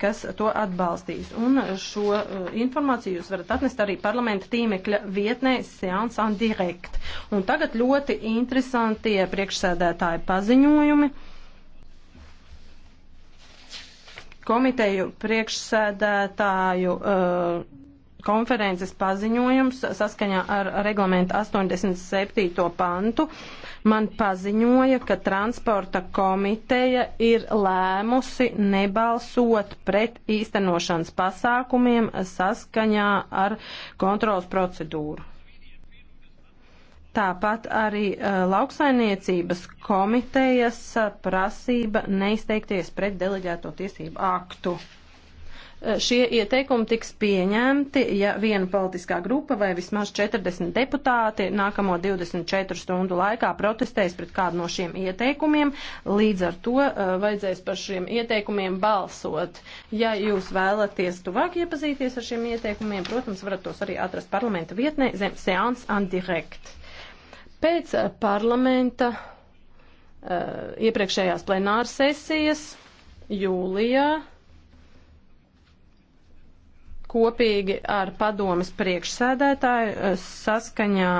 kas to atbalstīs. Un šo uh, informāciju jūs varat atnest arī parlamenta tīmekļa vietnē Seance en Direct. Un tagad ļoti interesantie priekšsēdētāji paziņojumi. Komiteju priekšsēdētāju uh, konferences paziņojums saskaņā ar reglamentu 87. pantu man paziņoja, ka transporta komiteja ir lēmusi nebalsot pret īstenošanas pasākumiem saskaņā ar kontrolas procedūru. Tāpat arī uh, lauksainiecības komitejas prasība neizteikties pret deleģēto tiesību aktu. Eh, šie ieteikumi tiks pieņemti, ja viena politiskā grupa vai vismaz 40 deputāti nākamo 24 stundu laikā protestēs pret kādu no šiem ieteikumiem. Līdz ar to uh, vajadzēs par šiem ieteikumiem balsot. Ja jūs vēlaties tuvāk iepazīties ar šiem ieteikumiem, protams, varat tos arī atrast parlamenta vietnē zem Seance and Direct. Pēc eh, parlamenta uh, iepriekšējās plenāras sesijas jūlijā kopīgi ar padomas priekšsēdētāju eh, saskaņā